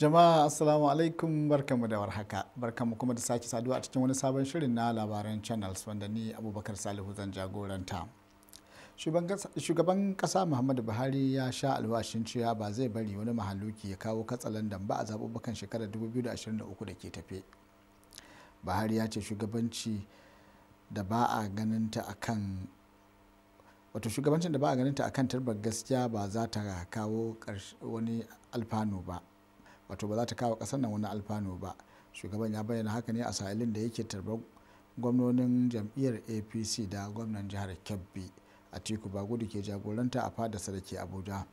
jama'a assalamu alaikum barkamu da warhaka barkamu kuma da sake saduwa a cikin wani sabon shirin na labaran channels wanda ni abubakar salihu zan jagoranta shugaban kasa muhammadu buhari ya sha alwashin cewa ba zai bari wani mahaluki ya kawo katsalandan ba a zaɓuɓɓukan shekarar 2023 da ke tafe buhari ya ce shugabanci da ba a ganin ta akan wato shugabancin da ba a ganin ta akan tarbar gaskiya ba za ta kawo wani alfanu ba wato ba za ta kawo kasar nan wani alfano ba shugaban ya bayyana haka ne a sa'ilin da yake tarbar gwamnonin jam'iyyar apc da gwamnan jihar kebbi a atiku gudu ke jagoranta a sa da ke abuja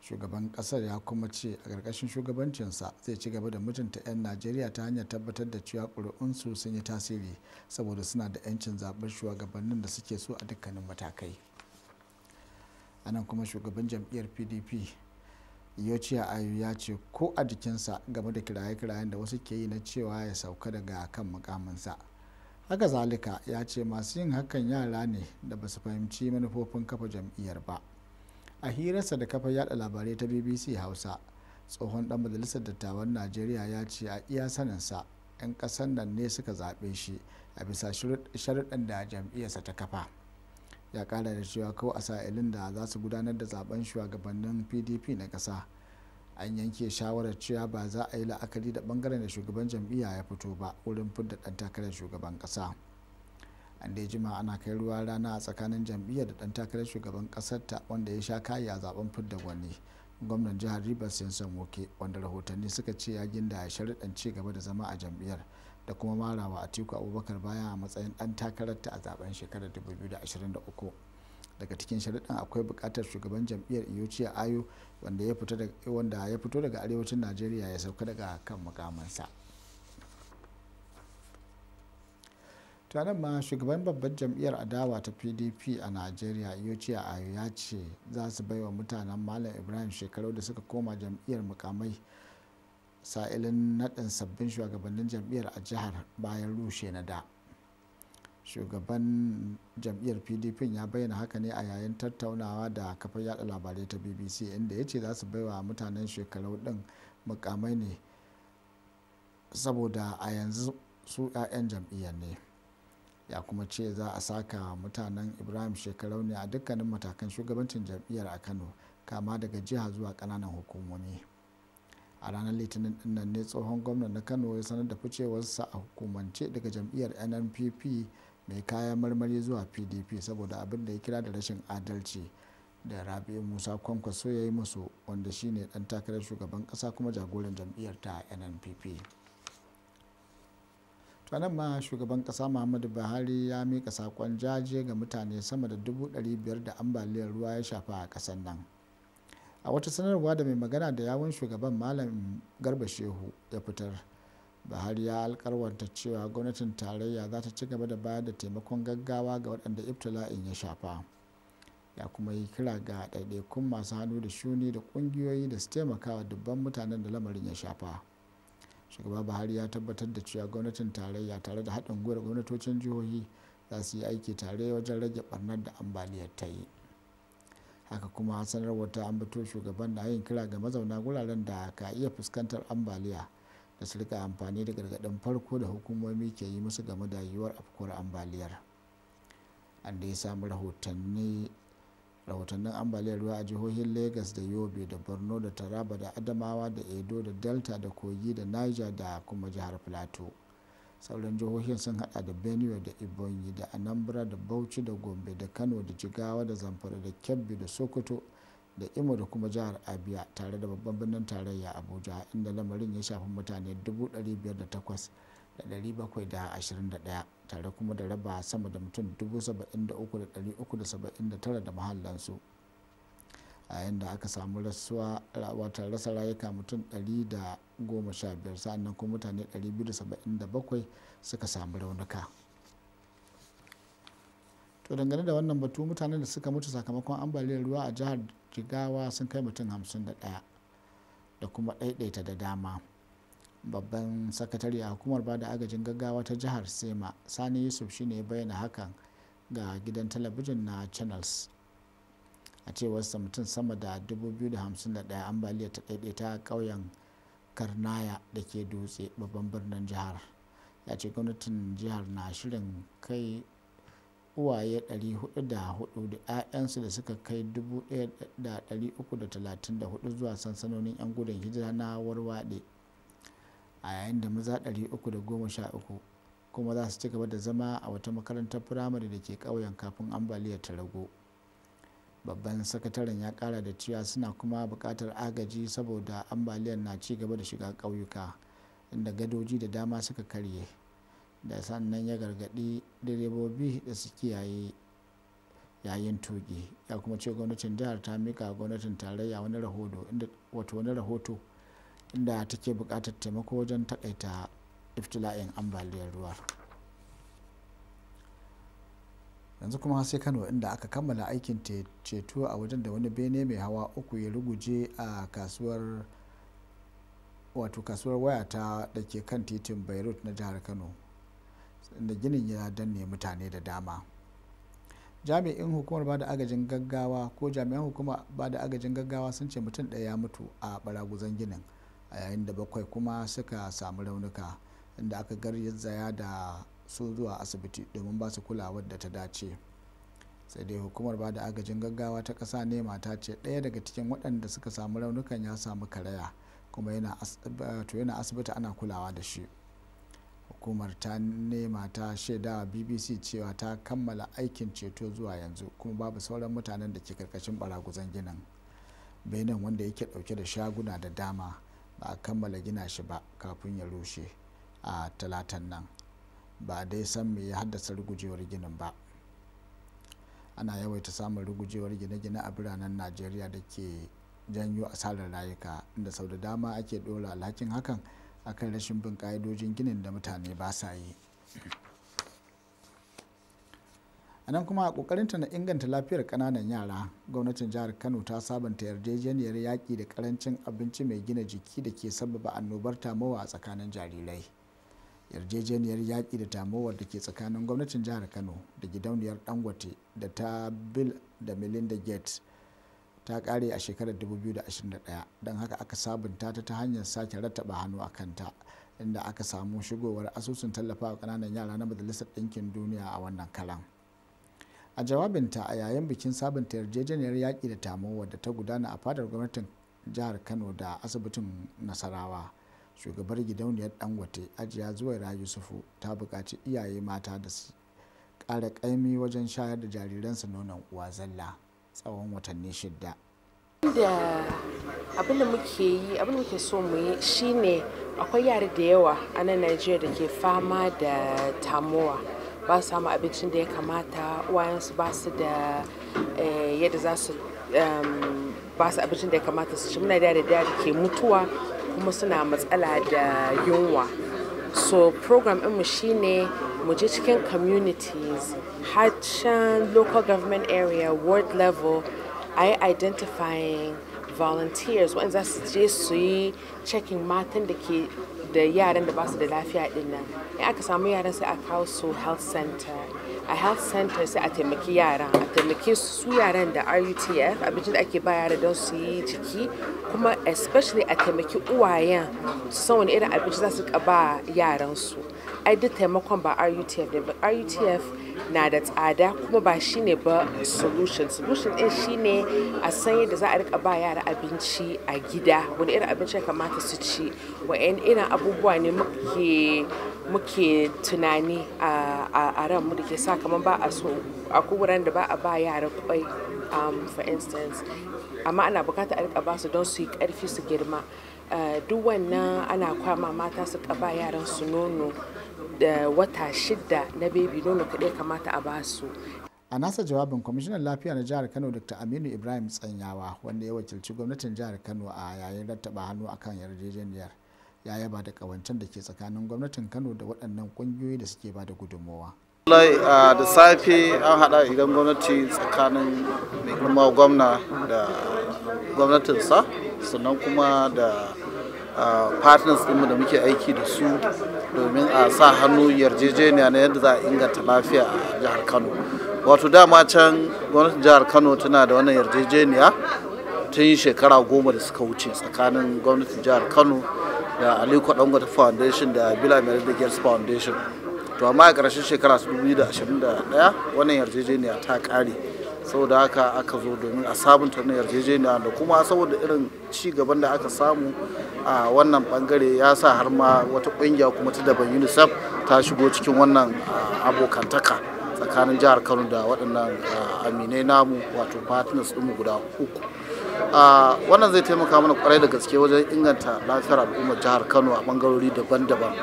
shugaban kasar ya kuma ce a ƙarƙashin shugabancinsa zai ci gaba da mutunta 'yan najeriya ta hanyar tabbatar da cewa ƙuri'unsu sun yi tasiri saboda suna da 'yancin zaɓar shugabannin da suke so a dukkanin matakai a nan kuma shugaban jam'iyyar pdp a ayu ya ce ko a jikinsa game da kiraye-kirayen da wasu ke yi na cewa ya sauka daga kan mukaminsa haka zalika ya ce masu yin hakan yara ne da ba su fahimci manufofin kafa jam'iyyar ba a hirarsa da kafa yada labarai ta bbc hausa tsohon dan majalisar dattawan najeriya ya ce a iya saninsa 'yan kasan nan ne suka zaɓe shi a bisa sharuɗan da jam'iyyarsa ta kafa ya kara da cewa ko a sa'ilin da za su gudanar da zaben shugabannin pdp na ƙasa an yanke shawarar cewa ba za a yi la'akari da bangaren da shugaban jam'iyya ya fito ba wurin fidda ɗan takarar shugaban ƙasa an dai jima ana kai ruwa rana a tsakanin jam'iyyar da ɗan takarar shugaban ƙasar ta wanda ya sha kayi a zaben fidda gwani gwamnan jihar rivers yansan woke wanda rahotanni suka ce ya ginda ya sharaɗan ci gaba da zama a jam'iyyar da kuma marawa atiku abubakar baya a matsayin dan takararta a zaben shekarar 2023 daga cikin sharaɗin akwai buƙatar shugaban jam'iyyar iyoci a ayo wanda ya fito daga arewacin najeriya ya sauka daga kan mukamansa tare ma shugaban babban jam'iyyar adawa ta pdp a najeriya iyoci a ayo ya ce za su baiwa mutanen malam ibrahim shekaru da suka koma jam'iyyar mukamai sa'ilin naɗin sabbin shugabannin jam'iyyar a jihar bayan rushe na da shugaban jam'iyyar pdp ya bayyana haka ne a yayin tattaunawa da kafar yada labarai ta bbc inda ya ce za su baiwa mutanen shekaru din mukamai ne saboda a yanzu su 'ya'yan jam'iyyar ne ya kuma ce za a saka mutanen ibrahim shekarau ne a dukkanin matakan shugabancin jam'iyyar a kano kama daga jiha zuwa ƙananan hukumomi a ranar litinin dinnan ne tsohon gwamna na kano ya sanar da ficewarsa a hukumance daga jam'iyyar nnpp mai kayan marmari zuwa pdp saboda abin da ya kira da rashin adalci da rabi musa kwankwaso ya yi musu wanda shine dan takarar shugaban kasa kuma jagoran jam'iyyar ta nnpp nan ma shugaban kasa muhammadu buhari ya mika sakon jaje ga mutane sama da dubu biyar da ambaliyar ruwa ya shafa a kasar nan a wata sanarwa da mai magana da yawun shugaban malam garba shehu ya fitar buhari ya alkarwanta cewa gwamnatin tarayya za ta ci gaba da bayar da taimakon gaggawa ga waɗanda ibtila'in ya shafa ya kuma yi kira ga ɗaiɗaikun masu hannu da shuni da ƙungiyoyi da su taimaka wa dubban mutanen da lamarin ya shafa shugaba buhari ya tabbatar da cewa gwamnatin tarayya tare da haɗin gwiwar gwamnatocin jihohi za su yi aiki tare wajen rage ɓarnar da ambaliyar ta yi haka kuma wata ta ambato shugaban na yin kira ga mazauna guraren da ka iya fuskantar ambaliya da su rika amfani da gargaɗin farko da hukumomi ke yi musu game da yiwuwar afkuwar ambaliyar an da ya samu rahotannin ambaliyar ruwa a jihohin lagos da yobe da borno da taraba da adamawa da edo da delta da kogi da niger da kuma jihar plateau sauran jihohin sun hada da benue da ibonyi da anambra da bauchi da gombe da kano da jigawa da zamfara da kebbi da sokoto da imo da kuma jihar abia tare da babban birnin tarayya abuja inda lamarin ya shafi mutane 508,721 tare kuma da raba sama da mutum 73,379 da mahallansu. a yadda aka samu rasuwa rasa rayuka mutum 115 sa'annan kuma mutane 277 suka samu raunuka to dangane da wannan batu mutane da suka mutu sakamakon ambaliyar ruwa a jihar jigawa sun kai mutum 51 da kuma ɗaiɗaita da dama babban sakatare a hukumar ba da agajin gaggawa ta jihar sema sani yusuf shine ya bayyana hakan ga gidan talabijin na channels a cewarsa mutum sama da 251 ambaliya ta daidaita ƙauyen karnaya da ke dutse babban birnin jihar ya ce gwamnatin jihar na shirin kai uwaye 404 da 'ya'yansu da suka kai 1334 zuwa sansanonin 'yan gudun hijira na warwade a yayin da maza 313 kuma za su ci gaba da zama a wata makarantar firamare da ke ƙauyen kafin ambaliya ta ragu babban sakataren ya kara da cewa suna kuma bukatar agaji saboda ambaliyar na ci gaba da shiga ƙauyuka inda gadoji da dama suka karye da sannan ya gargaɗi direbobi da su kiyaye yayin tuki ya kuma ce gwamnatin jihar ta mika gwamnatin tarayya wani rahoto wato wani rahoto inda take bukatar taimako wajen takaita iftila'in ambaliyar ruwa. yanzu kuma sai kano inda aka kammala aikin ceto a wajen da wani bene mai hawa uku ya ruguje a kasuwar wato kasuwar waya ta da ke kan titin beirut na jihar kano inda ginin ya danne mutane da dama jami'in hukumar bada agajin gaggawa ko jami'an hukumar da agajin gaggawa sun ce mutum ɗaya ya mutu a baraguzan ginin a yayin da bakwai kuma suka samu raunuka inda aka garzaya da su zuwa asibiti domin ba su kulawar da ta dace sai dai hukumar ba da agajin gaggawa ta kasa ne mata ce ɗaya daga cikin waɗanda suka samu raunukan ya samu karaya kuma yana asibiti ana kulawa da shi hukumar ta nema ta shaidawa bbc cewa ta kammala aikin ceto zuwa yanzu kuma babu sauran mutanen da ke karkashin baraguzan ginin benin wanda yake dauke da shaguna da dama ba a kammala gina shi ba kafin ya rushe a talatan nan ba dai san me ya haddasa rugujewar ginin ba ana yawaita samun rugujewar gine-gine a biranen najeriya da ke janyo asarar rayuka inda sau da dama ake ɗora alhakin hakan akan rashin bin ka'idojin ginin da mutane ba sa yi a nan kuma a ta na inganta lafiyar kananan yara gwamnatin jihar kano ta sabanta yarjejeniyar yaƙi da karancin abinci mai gina jiki da ke sababa annobar tamowa a tsakanin jarirai yarjejeniyar yaƙi da tamowar da ke tsakanin gwamnatin jihar kano da gidauniyar dangote da ta bill da melinda gates ta ƙare a shekarar 2021 don haka aka sabunta ta ta hanyar sake rattaba hannu a kanta inda aka samu shigowar asusun tallafawa kananan yara na majalisar ɗinkin duniya a wannan karan a jawabinta a yayin bikin sabunta yarjejeniyar yaƙi da tamowar da ta gudana a fadar gwamnatin jihar kano da asibitin nasarawa shugabar gidauniyar dangote ajiya zuwaira yusufu ta bukaci iyaye mata da su ƙara ƙaimi wajen shayar da jariransu nonon uwa zalla tsawon watanni shidda da abin da muke yi abin da muke so mu yi shine akwai yare da yawa a nan najeriya da ke fama da tamowa ba su samu abincin da ya kamata wayansu ba su da eh, yadda za su ba su abincin da ya kamata su ci muna da da ke mutuwa kuma suna yunwa so program mu shine mu je cikin communities har local government area ward level i identifying volunteers waɗanda za su je su yi checking matan da ke da yaran da ba su da lafiya din nan in aka samu yaran sai a kawo su health center a health center sai a taimaki yaran a taimaki su yaran da rutf abincin da ake ba yara don su yi jiki kuma especially a taimaki uwayen su san wani irin abinci za su ba yaran su ai duk taimakon ba rutf ne ba rutf na da tsada kuma ba shine ba solution solution din shine a san yadda za a rika ba yara abinci a gida wani irin abinci ya kamata su ci wa'yan irin abubuwa ne muke muke tunani a ran mu da ke sa kamar ba a so a kuburan da ba a ba yara kwai um, for instance amma ana bukata a rika ba su don su yi karfi su girma Eh, duk wannan ana kwama mata su ba yaran su nono da eh, wata shida na baby nono kaɗai kamata a basu a nasa jawabin kwamishinan lafiya na jihar kano dr aminu ibrahim tsanyawa wanda ya wakilci gwamnatin jihar kano a yayin rattaba hannu akan yarjejeniyar ya yaba da kawancen da ke tsakanin gwamnatin kano da waɗannan ƙungiyoyi da suke ba da gudunmowa da safe an haɗa idan gwamnati tsakanin mai gwamna da gwamnatinsa sannan kuma da ah, partners ɗinmu da muke aiki da su domin a sa hannu yarjejeniya na yadda za a inganta lafiya a jihar kano wato dama can gwamnatin jihar kano tana da wannan yarjejeniya tun shekara goma da suka wuce tsakanin gwamnatin jihar kano da aliko dangote foundation da bila melinda gates foundation to amma a ƙarshen shekara 2021 wannan yarjejeniya ta ƙare saboda haka aka zo domin a sabunta na yarjejeniya da kuma saboda irin ci gaban da aka samu a wannan bangare ya sa har ma wata kungiya kuma ta daban unicef ta shigo cikin wannan ah, abokantaka tsakanin jihar kano da waɗannan ah, aminai namu wato partners ɗinmu guda uku ah, wannan zai taimaka mana kwarai da gaske wajen inganta lafiyar al'ummar jihar kano a bangarori daban-daban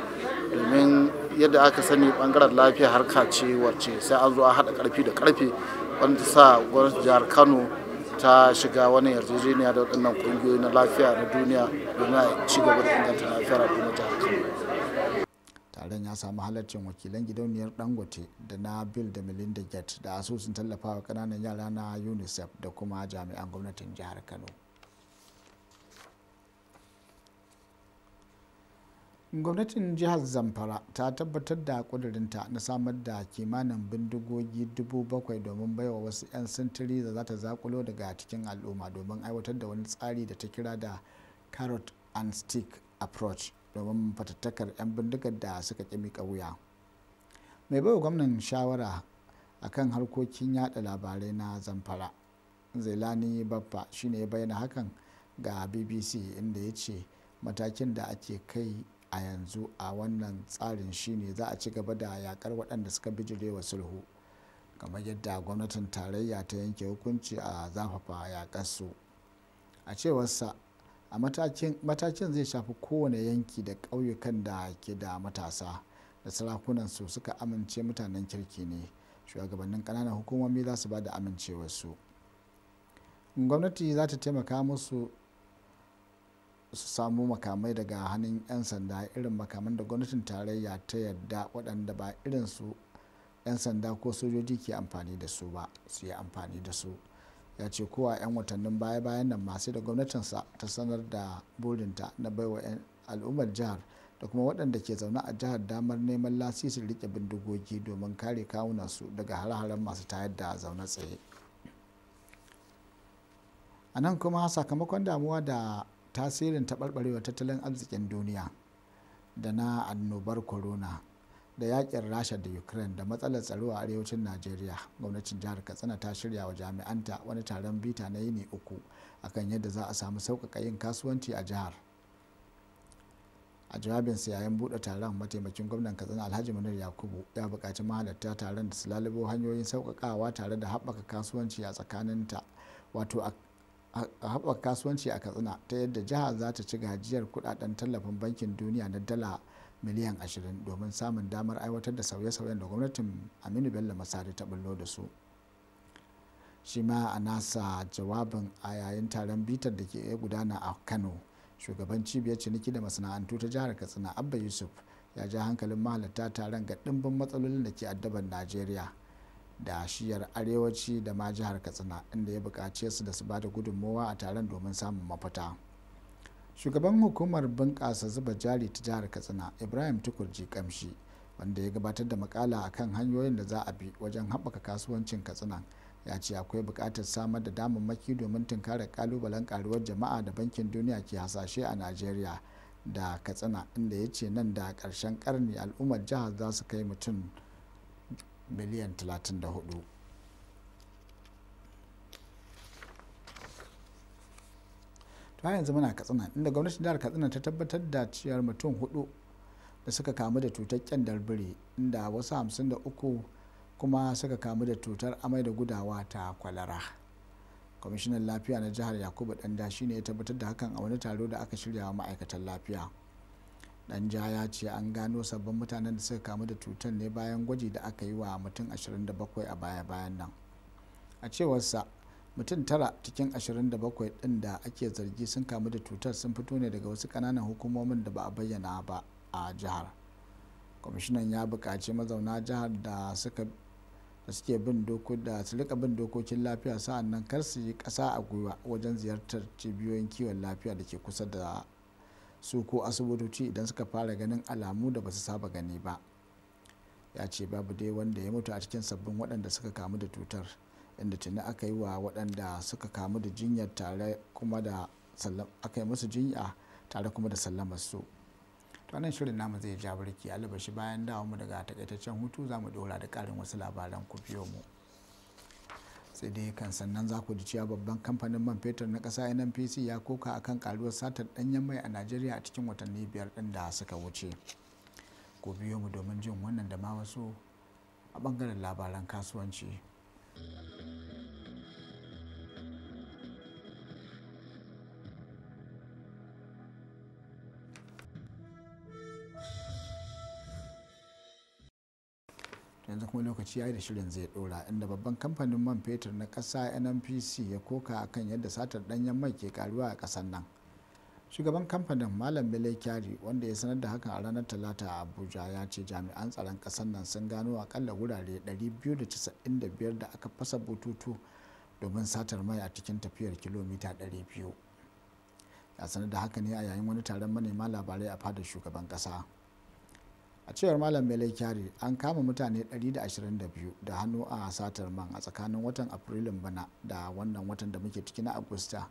domin yadda aka sani bangaren lafiya harka ce wacce sai an zo a haɗa ƙarfi da ƙarfe wanda sa gwamnatin jihar kano ta shiga wani yarjejeniya da waɗannan ƙungiyoyi na lafiya na duniya domin ci gaba da inganta lafiyar al'umma jihar kano taron ya samu halarcin wakilan gidauniyar dangote da na bill da melinda gates da asusun tallafawa kananan yara na unicef da kuma jami'an gwamnatin jihar kano gwamnatin jihar zamfara ta tabbatar da kudurinta na samar da kimanin bindigogi 7,000 domin baiwa wasu 'yan sintiri da za ta zakulo daga cikin al'umma domin aiwatar da wani tsari da ta kira da carrot and stick approach domin fatattakar 'yan bindigar da suka kimi wuya mai baiwa gwamnan shawara a kan harkokin yada labarai na zamfara zailani babba shine ya bayyana hakan ga bbc inda ya ce matakin da ake kai a yanzu a wannan tsarin shine za a ci gaba da yakar waɗanda suka wa sulhu kamar yadda gwamnatin tarayya ta yanke hukunci a zafafa su a cewarsa a matakin zai shafi kowane yanki da ƙauyukan da ke da matasa da sarakunan su suka amince mutanen kirki ne shugabannin ƙananan hukumomi za su ba da amincewarsu gwamnati za ta taimaka musu su samu makamai daga hannun 'yan sanda irin makaman da gwamnatin tarayya ta yadda waɗanda ba irin su 'yan sanda ko sojoji ke amfani da su ba su yi amfani da su ya ce kowa 'yan watannin baya-bayan nan masu da gwamnatinsa ta sanar da burinta na baiwa 'yan al'ummar jihar da kuma waɗanda ke zaune a jihar damar neman lasisin rike bindigogi domin kare kawunan su daga har-haren masu tayar da zaune tsaye a nan kuma sakamakon damuwa da tasirin taɓarɓarewar tattalin arzikin duniya da na annobar corona da yakin rasha da ukraine da matsalar tsaro a arewacin najeriya gwamnatin jihar katsina ta shirya wa jami'anta wani taron bita na yini uku akan yadda za a samu sauƙaƙa yin kasuwanci a jihar a jawabinsa yayin buɗe taron mataimakin gwamnan katsina alhaji munir yakubu ya buƙaci mahalarta taron da su lalubo hanyoyin sauƙaƙawa tare da haɓaka kasuwanci a tsakaninta wato a a haɓaka kasuwanci a katsina ta yadda jihar za ta ci gajiyar kudaden tallafin bankin duniya na dala miliyan 20 domin samun damar aiwatar da sauye-sauyen da gwamnatin aminu bello masari ta bullo da su shi ma a nasa jawabin a yayin taron bitar da ke gudana a kano shugaban cibiyar ciniki da masana'antu ta jihar katsina abba yusuf ya ja hankalin mahalarta taron ga ɗimbin matsalolin da ke addaban najeriya da shiyar arewaci da ma jihar katsina inda ya bukace su da su ba da gudunmowa a taron domin samun mafita shugaban hukumar bunƙasa zuba jari ta jihar katsina ibrahim tukurji kamshi wanda ya gabatar da makala a kan hanyoyin da za a bi wajen haɓaka kasuwancin katsina ya ce akwai buƙatar samar da damammaki domin tunkarar ƙalubalen karuwar jama'a da bankin duniya ke hasashe a najeriya da katsina inda ya ce nan da ƙarshen ƙarni al'ummar jihar za su kai mutum miliyan 34 ta yanzu muna katsina inda gwamnatin jihar katsina ta tabbatar da ciyar mutum hudu da suka kamu da cutar kyandar biri inda wasu 53 kuma suka kamu da cutar amai da gudawa ta kwalara kwamishinan lafiya na jihar yakubu danda shine ya tabbatar da hakan a wani taro da aka shirya wa ma'aikatan lafiya dan ja ya ce an gano sabbin mutanen da suka kamu da cutar ne bayan gwaji da aka yi wa mutum 27 a baya-bayan nan a cewarsa mutum tara cikin 27 ɗin da ake zargi sun kamu da cutar sun fito ne daga wasu kananan hukumomin da ba a bayyana ba a jihar kwamishinan ya buƙaci mazauna jihar da suka da suke bin da su rika bin dokokin lafiya sa'an nan kar su yi kasa a gwiwa wajen ziyartar cibiyoyin kiwon lafiya da ke kusa da su ko asibitoci idan suka fara ganin alamu da ba su saba gani ba ya ce babu dai wanda ya mutu a cikin sabbin waɗanda suka kamu da cutar inda tuni aka yi wa waɗanda suka kamu da jinyar tare kuma da aka yi musu jinya tare kuma da sallamar su wannan shirin namu zai ja barki albashi bayan dawo mu daga takaitaccen hutu za mu dora da karin wasu labaran ku biyo mu sai dai kan sannan za ku ji cewa babban kamfanin man fetur na ƙasa nnpc ya koka akan karuwar satar ɗanyen mai a najeriya a cikin watanni biyar ɗin da suka wuce ku biyo mu domin jin wannan da ma wasu a ɓangaren labaran kasuwanci. yanzu kuma lokaci ya yi da shirin zai dora inda babban kamfanin man fetur na kasa nnpc ya koka akan yadda satar danyen mai ke karuwa a ƙasar nan shugaban kamfanin malam bele kyari wanda ya sanar da hakan a ranar talata a abuja ya ce jami'an tsaron ƙasar nan sun gano akalla wurare 295 da aka fasa bututu domin satar mai a cikin tafiyar kilomita 200 ya sanar da haka ne a yayin wani taron manema labarai a fadar shugaban ƙasa a cewar malam belai kyari an kama mutane 122 da hannu a satar man a tsakanin watan afrilun bana da wannan watan da muke ciki na agusta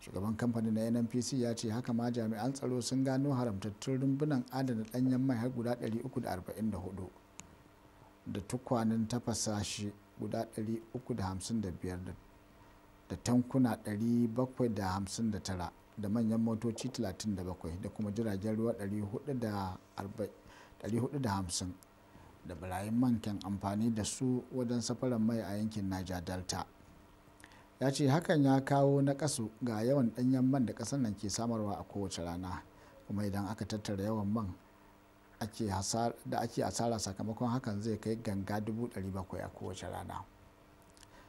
shugaban kamfanin na nnpc ya ce haka ma jami'an tsaro sun gano haramtattun rumbunan adana danyen mai har guda 344 da tukwanin tafasa shi guda 355 da tankuna 759 da manyan motoci 37 da kuma jiragen ruwa 450 da barayin man amfani da su wajen safarar mai a yankin niger delta ya ce hakan ya kawo nakasu ga yawan danyen man da kasar nan ke samarwa a kowace rana kuma idan aka tattara yawan man da ake asara sakamakon hakan zai kai ganga 700 a kowace rana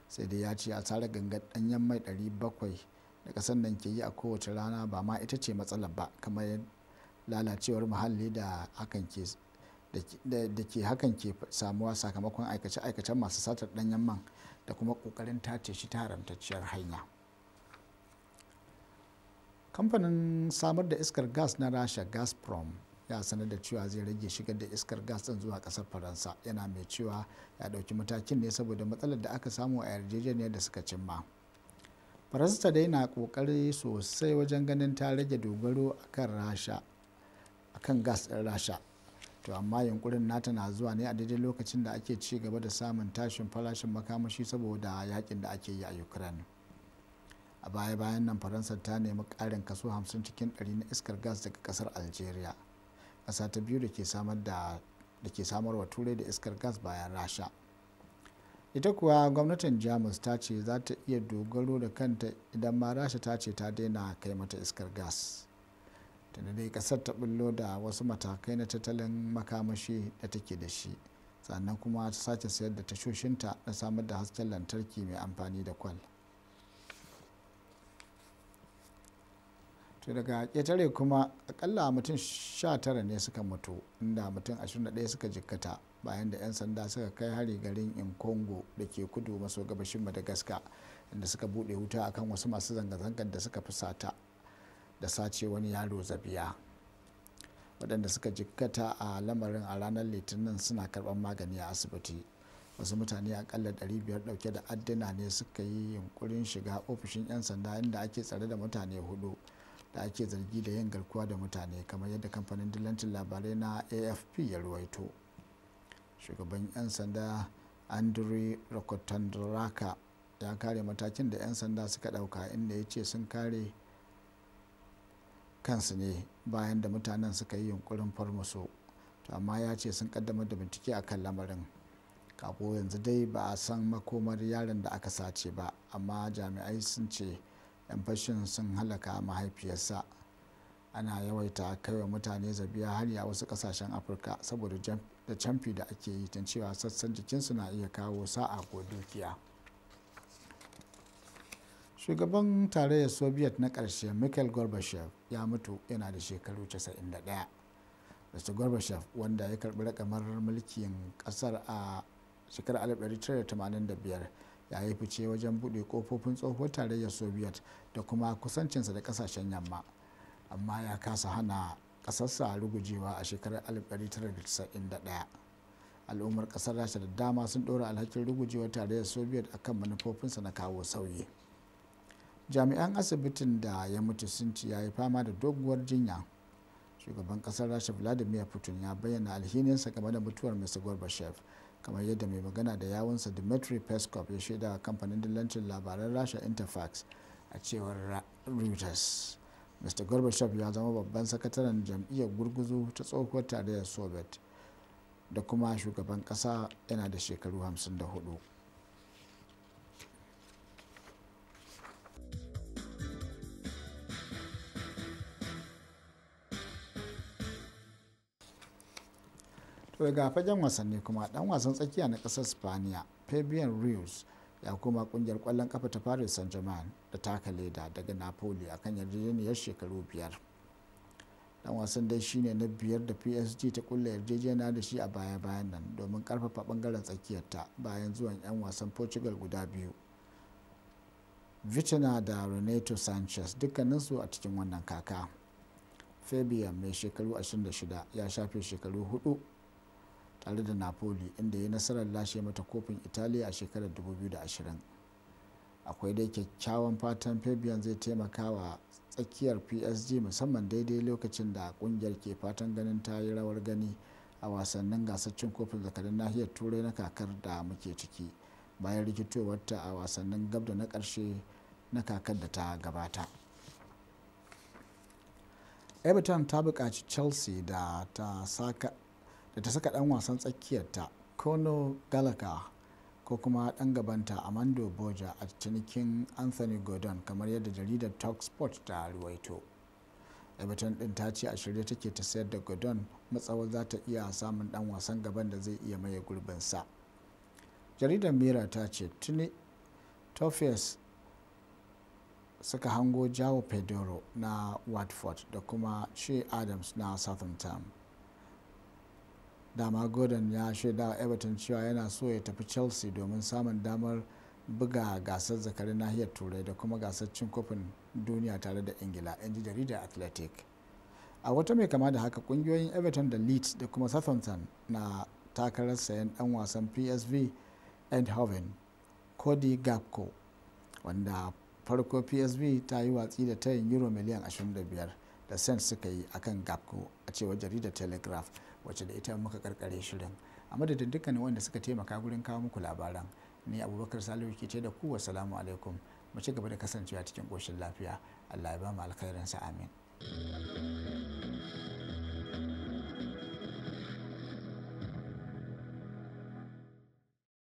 sai dai ya ce asarar ganga danyen mai 700 da ƙasar nan ke yi a kowace rana ba ma ita ce matsalar ba kamar lalacewar muhalli da ke hakan ke samuwa sakamakon aikace-aikacen masu satar ɗanyen man da kuma kokarin tace shi ta haramtacciyar hanya kamfanin samar da iskar gas na rasha gazprom ya sanar da cewa zai rage shigar da iskar gas din zuwa kasar faransa yana mai cewa ya dauki matakin ne saboda matsalar da aka samu a yarjejeniyar da suka cimma faransa dai na kokari sosai wajen ganin ta rage dogaro akan rasha akan gas ɗin rasha to amma yunkurin nata na zuwa ne a daidai lokacin da ake ci gaba da samun tashin farashin makamashi saboda yakin da ake yi a ukraine a baya bayan nan faransa ta nemi ƙarin kaso 50 cikin 100 na iskar gas daga kasar algeria ƙasa ta biyu da ke samar wa turai da iskar gas bayan rasha ita kuwa gwamnatin jamus ta ce za ta iya dogaro da kanta idan ma rasha ta ce ta daina kai mata iskar gas tana dai kasar ta bullo da wasu matakai na tattalin makamashi da take da shi sannan kuma ta sace sayar da tashoshinta na samar da hasken lantarki mai amfani da kwal to daga ƙetare kuma akalla mutum 19 ne suka mutu inda mutum 21 suka jikkata bayan da 'yan sanda suka kai hari garin inkongo da ke kudu maso gabashin madagascar inda suka bude wuta akan wasu masu zanga-zangar da suka fusata da sace wani yaro zabiya waɗanda suka jikkata a lamarin a ranar litinin suna karɓar magani a asibiti wasu mutane akalla 500 ɗauke da adduna ne suka yi yunkurin shiga ofishin 'yan sanda inda ake tsare da mutane hudu da ake zargi da yin garkuwa da mutane kamar yadda kamfanin dillancin labarai na afp ya ruwaito. shugaban 'yan sanda andrew rakotandraka ya kare matakin da 'yan sanda suka dauka inda ya ce sun kare kansu ne bayan da mutanen suka yi yunkurin farmaso to amma ya ce sun kaddamar da bincike a kan lamarin kabo yanzu dai ba a san makomar yaron da aka sace ba amma jami'ai sun ce 'yan fashin sun halaka mahaifiyarsa ana yawaita kaiwa mutane zabiya har a wasu kasashen afirka saboda da camfi da ake yi tun cewa sassan jikinsu na iya kawo sa'a ko dukiya shugaban tarayyar soviet na ƙarshe mikhail gorbachev ya mutu yana da shekaru 91 mr gorbachev wanda ya karbi rakamar mulkin kasar a shekarar 1985 ya yi fice wajen buɗe kofofin tsohuwar tarayyar soviet da kuma kusancinsa da kasashen yamma amma ya kasa hana ƙasarsa rugujewa a shekarar 1991 al'ummar ƙasar rasha da dama sun ɗora alhakin rugujewar tare tarayyar soviet a kan manufofinsa na kawo sauyi jami'an asibitin da ya mutu sun ci ya yi fama da doguwar jinya shugaban kasar rasha vladimir putin ya bayyana alhininsa game da mutuwar mr gorbachev kamar yadda mai magana da yawunsa dmitry peskov ya shaida kamfanin dillancin labaran rasha interfax a cewar reuters mr gorbachev ya zama babban sakataren jam'iyyar gurguzu ta tsohuwar tarayyar soviet da kuma shugaban kasa yana da shekaru 54 to daga fagen wasanni kuma dan wasan tsakiya na kasar spaniya fabian rios ya koma kungiyar kwallon kafa ta paris saint germain da taka leda daga napoli a kan yarjejeniyar shekaru biyar dan wasan dai shine na biyar da psg ta ƙulla yarjejeniya da shi a baya bayan nan domin karfafa bangaren tsakiyarta bayan zuwan 'yan wasan portugal guda biyu vitina da renato sanchez dukkaninsu a cikin wannan kaka fabian mai shekaru 26 ya shafe shekaru hudu tare da napoli inda ya nasarar lashe mata kofin italiya a shekarar 2020 akwai dai kyakkyawan fatan fabian zai taimaka wa tsakiyar psg musamman daidai lokacin da kungiyar ke fatan ganin ta yi rawar gani a wasannin gasar kofin zakarin nahiyar turai na kakar da muke ciki bayan rikitowarta a wasannin gab da na karshe na kakar da ta gabata everton ta buƙaci chelsea da ta saka da ta saka dan wasan tsakiyarta kono galaka ko kuma dan gabanta amando boja a cinikin anthony gordon kamar yadda jaridar talk sport ta ruwaito everton din ta ce a shirye take ta sayar da gordon matsawar za ta iya samun dan wasan gaban da zai iya maye gurbinsa jaridar mira ta ce tuni tofias suka hango jawo pedro na watford da kuma shea adams na southampton dama gordon ya shaida wa everton cewa yana so ya tafi chelsea domin samun damar buga gasar zakarin nahiyar turai da kuma gasar cin kofin duniya tare da ingila in ji jaridar athletic a wata mai kama da haka kungiyoyin everton da leeds da kuma southampton na takarar sayan dan wasan psv eindhoven cody gabko wanda farko psv ta yi watsi da tayin euro miliyan 25 da cent suka yi akan gabko a cewar jaridar telegraph wacce da ita muka karkare shirin a madadin dukkanin wanda suka taimaka gurin kawo muku labaran ni abubakar salihu ke ce da ku wasalamu alaikum mu ci gaba da kasancewa cikin koshin lafiya allah ya ba mu sa amin